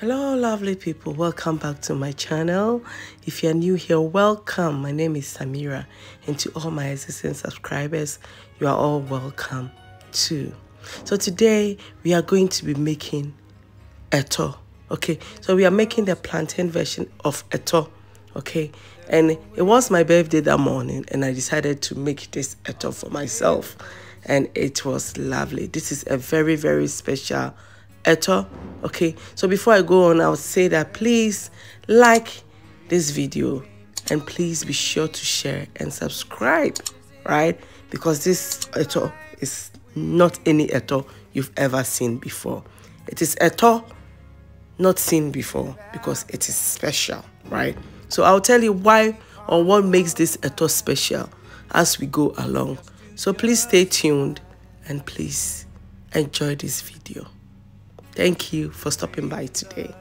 hello lovely people welcome back to my channel if you're new here welcome my name is samira and to all my existing subscribers you are all welcome too so today we are going to be making eto okay so we are making the plantain version of eto okay and it was my birthday that morning and i decided to make this eto for myself and it was lovely this is a very very special at all okay so before i go on i would say that please like this video and please be sure to share and subscribe right because this at all is not any at all you've ever seen before it is at all not seen before because it is special right so i'll tell you why or what makes this at all special as we go along so please stay tuned and please enjoy this video Thank you for stopping by today.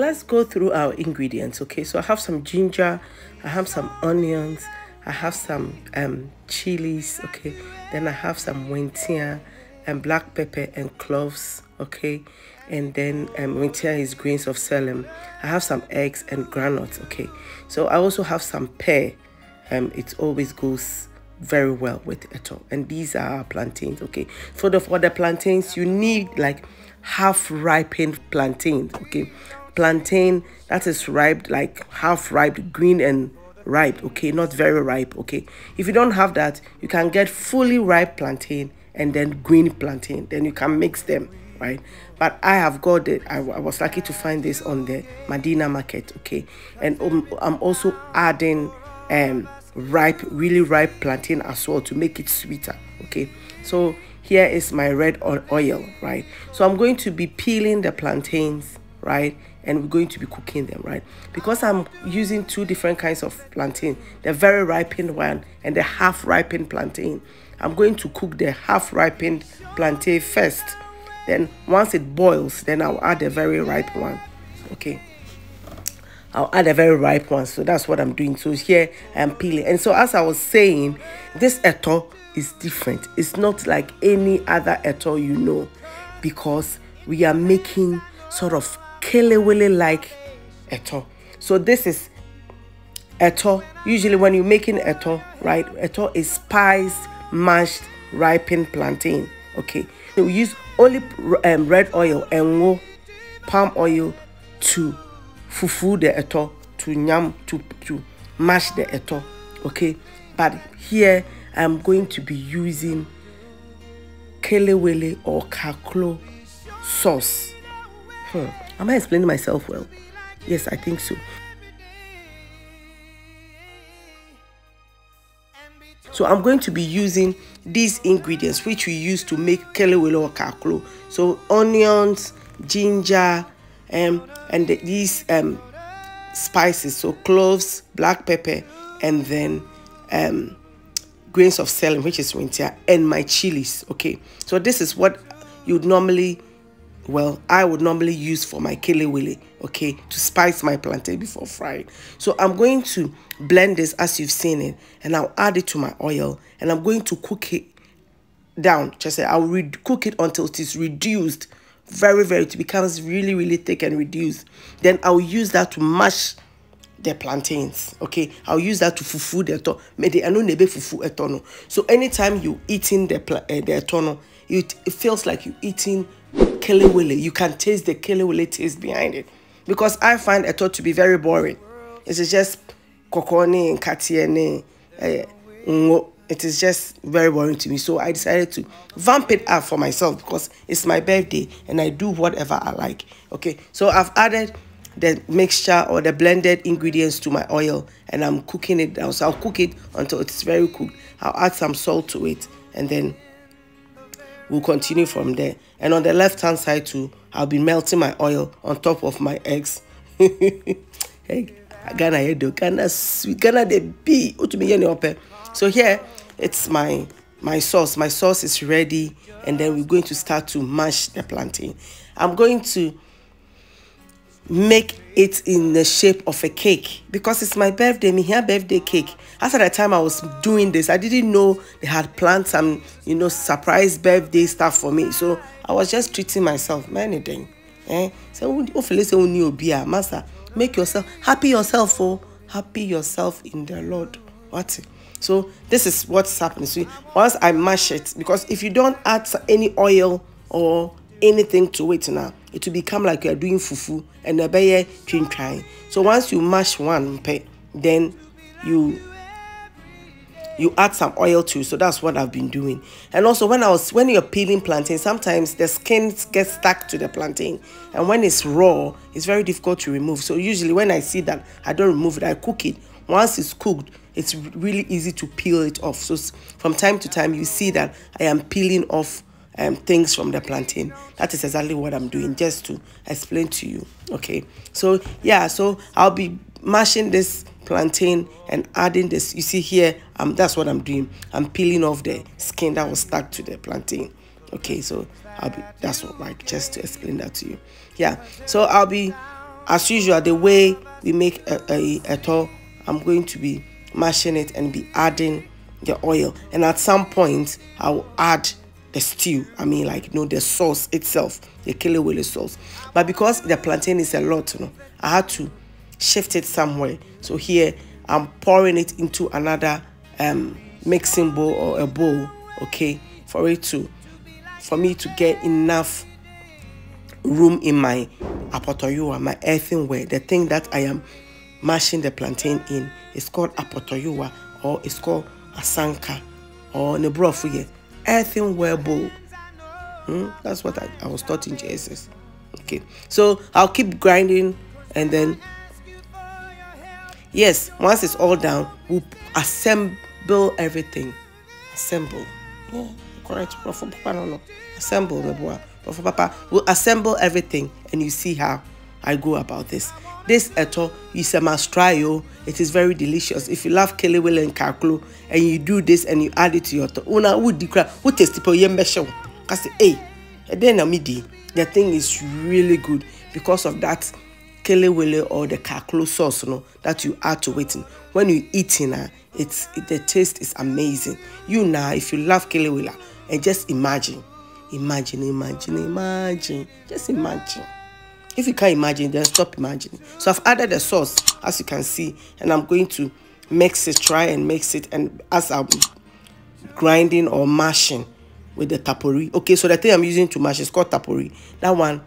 let's go through our ingredients okay so i have some ginger i have some onions i have some um chilies okay then i have some wintia and black pepper and cloves okay and then um, winter is grains of selim i have some eggs and granules okay so i also have some pear um it always goes very well with it all and these are plantains okay so the, for the plantains you need like half ripened plantains okay plantain that is ripe, like half ripe, green and ripe, okay, not very ripe, okay. If you don't have that, you can get fully ripe plantain and then green plantain, then you can mix them, right? But I have got it, I, I was lucky to find this on the Medina market, okay. And um, I'm also adding um, ripe, really ripe plantain as well to make it sweeter, okay. So here is my red oil, right? So I'm going to be peeling the plantains, right? and we're going to be cooking them right because i'm using two different kinds of plantain the very ripened one and the half ripened plantain i'm going to cook the half ripened plantain first then once it boils then i'll add the very ripe one okay I'll add a very ripe one so that's what I'm doing so here I'm peeling and so as I was saying this eto is different it's not like any other eto you know because we are making sort of kelewele like eto. So this is eto. Usually when you're making eto, right? Eto is spiced, mashed, ripened plantain. Okay. So we use only um, red oil and wo, palm oil to fufu the eto, to nyam, to, to mash the eto. Okay. But here I'm going to be using kelewele or kaklo sauce. Hmm. Am I explaining myself well? Yes, I think so. So I'm going to be using these ingredients which we use to make kelewele willow kaklo. So onions, ginger, um, and the, these um, spices. So cloves, black pepper, and then um, grains of celery, which is winter, and my chilies. Okay. So this is what you'd normally well i would normally use for my willy okay to spice my plantain before frying so i'm going to blend this as you've seen it and i'll add it to my oil and i'm going to cook it down just say i'll cook it until it is reduced very very it becomes really really thick and reduced then i'll use that to mash the plantains okay i'll use that to fufu the eto nebe fufu so anytime you eating the uh, the etono it, it feels like you eating killer You can taste the Killy willy taste behind it. Because I find a thought to be very boring. It is just kokone and katiene. Eh, it is just very boring to me. So I decided to vamp it up for myself because it's my birthday and I do whatever I like. Okay, so I've added the mixture or the blended ingredients to my oil and I'm cooking it down. So I'll cook it until it's very cooked. I'll add some salt to it and then we'll continue from there and on the left hand side too i'll be melting my oil on top of my eggs hey ghana do ghana sweet ghana they be so here it's my my sauce my sauce is ready and then we're going to start to mash the plantain i'm going to make it in the shape of a cake because it's my birthday, me here birthday cake. After the time I was doing this, I didn't know they had planned some, you know, surprise birthday stuff for me. So I was just treating myself, many thing. Eh? So hopefully say you be a master. Make yourself happy yourself, oh happy yourself in the Lord. What? So this is what's happening. So once I mash it, because if you don't add any oil or anything to it now. It will become like you are doing fufu and a bayer chin trying. So once you mash one, then you you add some oil to so that's what i've been doing and also when i was when you're peeling plantain sometimes the skin gets stuck to the plantain and when it's raw it's very difficult to remove so usually when i see that i don't remove it i cook it once it's cooked it's really easy to peel it off so from time to time you see that i am peeling off um, things from the plantain. That is exactly what I'm doing, just to explain to you. Okay, so yeah, so I'll be mashing this plantain and adding this. You see here, um, that's what I'm doing. I'm peeling off the skin that was stuck to the plantain. Okay, so I'll be that's what like just to explain that to you. Yeah, so I'll be as usual the way we make a, a, a I'm going to be mashing it and be adding the oil, and at some point I'll add the stew. I mean, like, you know, the sauce itself, the Kelewele sauce. But because the plantain is a lot, you know, I had to shift it somewhere. So here, I'm pouring it into another um, mixing bowl or a bowl, okay, for it to, for me to get enough room in my apotoyua, my earthenware, the thing that I am mashing the plantain in. It's called apotoyua or it's called asanka or nebrofuye earthenware bowl. Mm, that's what I, I was taught in JSS. Okay, so I'll keep grinding and then, yes, once it's all down, we'll assemble everything. Assemble. Yeah, correct. Assemble. We'll assemble everything and you see how I go about this. This eto is a must try yo. Oh. It is very delicious. If you love kelewele and kaklo and you do this and you add it to your to, una would declare who taste po oh, yembesho? Cause oh. hey, then amidi. The thing is really good because of that kelewele or the kaklo sauce no that you add to it. When you eat in it, it's the taste is amazing. You now, if you love Willa, and just imagine, imagine, imagine, imagine, just imagine if you can't imagine then stop imagining so i've added a sauce as you can see and i'm going to mix it try and mix it and as i'm grinding or mashing with the tapori okay so the thing i'm using to mash is called tapori that one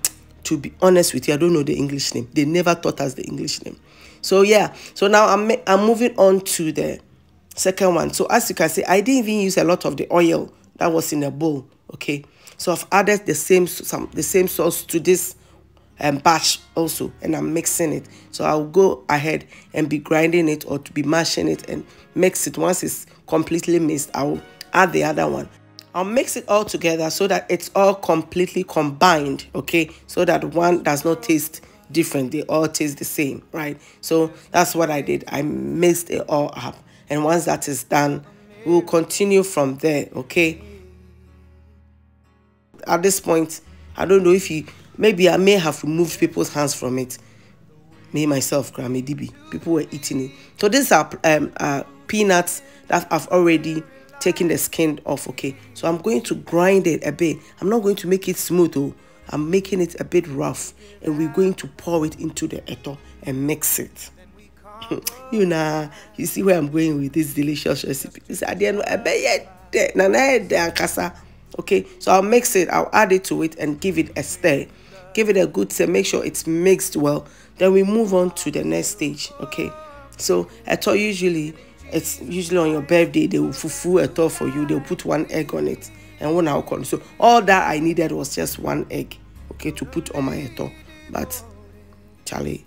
to be honest with you i don't know the english name they never taught us the english name so yeah so now i'm i'm moving on to the second one so as you can see i didn't even use a lot of the oil that was in the bowl okay so i've added the same some the same sauce to this and um, batch also and I'm mixing it. So I'll go ahead and be grinding it or to be mashing it and mix it. Once it's completely mixed, I'll add the other one. I'll mix it all together so that it's all completely combined, okay? So that one does not taste different. They all taste the same, right? So that's what I did. I mixed it all up. And once that is done, we'll continue from there, okay? At this point, I don't know if you Maybe I may have removed people's hands from it. Me, myself, Grammy DB, people were eating it. So these are um, uh, peanuts that I've already taken the skin off, okay? So I'm going to grind it a bit. I'm not going to make it smooth, though. I'm making it a bit rough. And we're going to pour it into the eto and mix it. you know, you see where I'm going with this delicious recipe. Okay, so I'll mix it, I'll add it to it and give it a stir give it a good stir make sure it's mixed well then we move on to the next stage okay so eto usually it's usually on your birthday they will fufu eto for you they'll put one egg on it and one alcohol so all that i needed was just one egg okay to put on my eto but charlie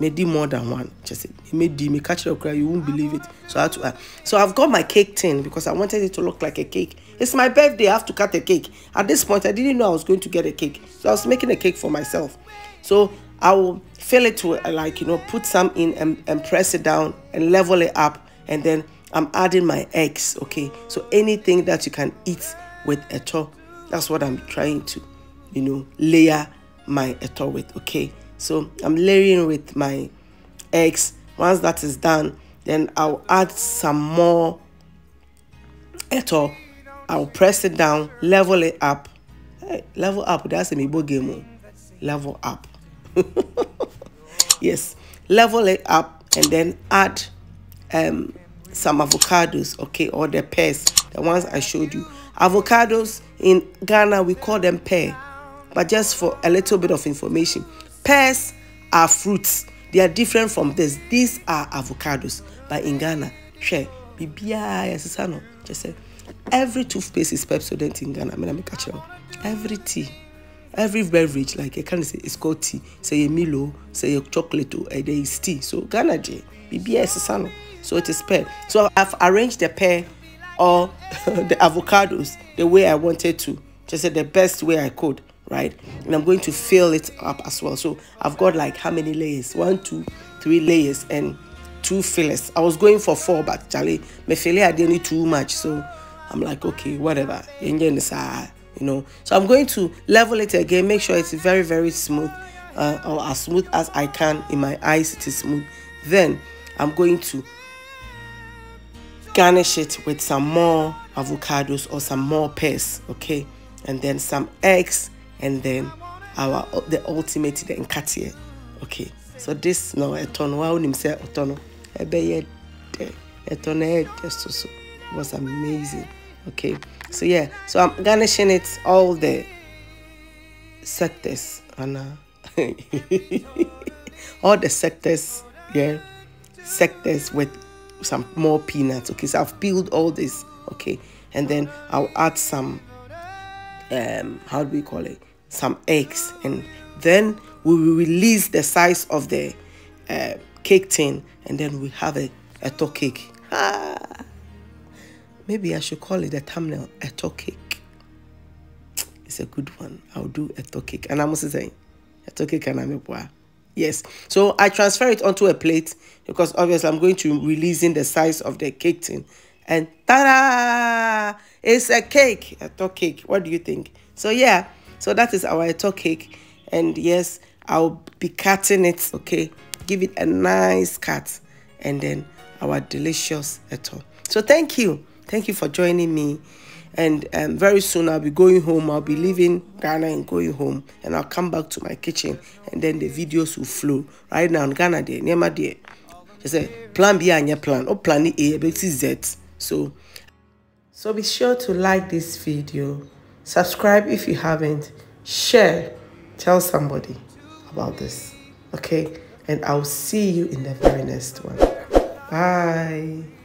may do more than one. Just it may do me catch your cry, you won't believe it. So I had to uh, so I've got my cake tin because I wanted it to look like a cake. It's my birthday, I have to cut a cake. At this point, I didn't know I was going to get a cake. So I was making a cake for myself. So I will fill it to uh, like you know, put some in and, and press it down and level it up, and then I'm adding my eggs. Okay, so anything that you can eat with a top, that's what I'm trying to, you know, layer my eto with. Okay so i'm layering with my eggs once that is done then i'll add some more eto i'll press it down level it up hey, eh, level up that's a mibo game oh. level up yes level it up and then add um, some avocados okay or the pears the ones i showed you avocados in ghana we call them pear but just for a little bit of information pears are fruits they are different from this these are avocados but in ghana hwɛ biribiara yɛsesa no kyɛ sɛ every toothpaste is pepsodent in ghana mena meka kyerɛ wo every tea every beverage like yɛka no sɛ is called tea sɛ yɛ milo sɛ yɛ chocolate o ɛdɛ eh, is tea so ghana deɛ biribiara yɛsesa no so it is pear so i've arranged the pear or the avocados the way i wanted to kyɛ sɛ the best way i could right? And I'm going to fill it up as well. So I've got like how many layers? One, two, three layers and two fillers. I was going for four, but Charlie, my filler I didn't need too much. So I'm like, okay, whatever. You know, so I'm going to level it again, make sure it's very, very smooth, uh, or as smooth as I can in my eyes. It is smooth. Then I'm going to garnish it with some more avocados or some more pears, okay, and then some eggs and then our the ultimate the nkateɛ okay so this no ɛtɔ no wa onim sɛ ɔtɔ so so it was amazing okay so yeah so i'm garnishing it all the sectors Anna. all the sectors yeah sectors with some more peanuts okay so i've peeled all this okay and then i'll add some um, how do we call it some eggs and then we will release the size of the uh, cake tin and then we have a, a top cake maybe i should call it a thumbnail a top cake it's a good one i'll do a top cake and i'm also saying a top cake and i'm a boy yes so i transfer it onto a plate because obviously i'm going to releasing the size of the cake tin and ta-da it's a cake. A talk cake. What do you think? So yeah, so that is our talk cake. And yes, I'll be cutting it, okay? Give it a nice cut and then our delicious all So thank you. Thank you for joining me. And um, very soon I'll be going home. I'll be leaving Ghana and going home. And I'll come back to my kitchen and then the videos will flow. Right now, in Ghana there, Nema there. Just say, plan B and your plan. Oh, plan A, B, C, Z. So so be sure to like this video, subscribe if you haven't, share, tell somebody about this. Okay? And I'll see you in the very next one. Bye.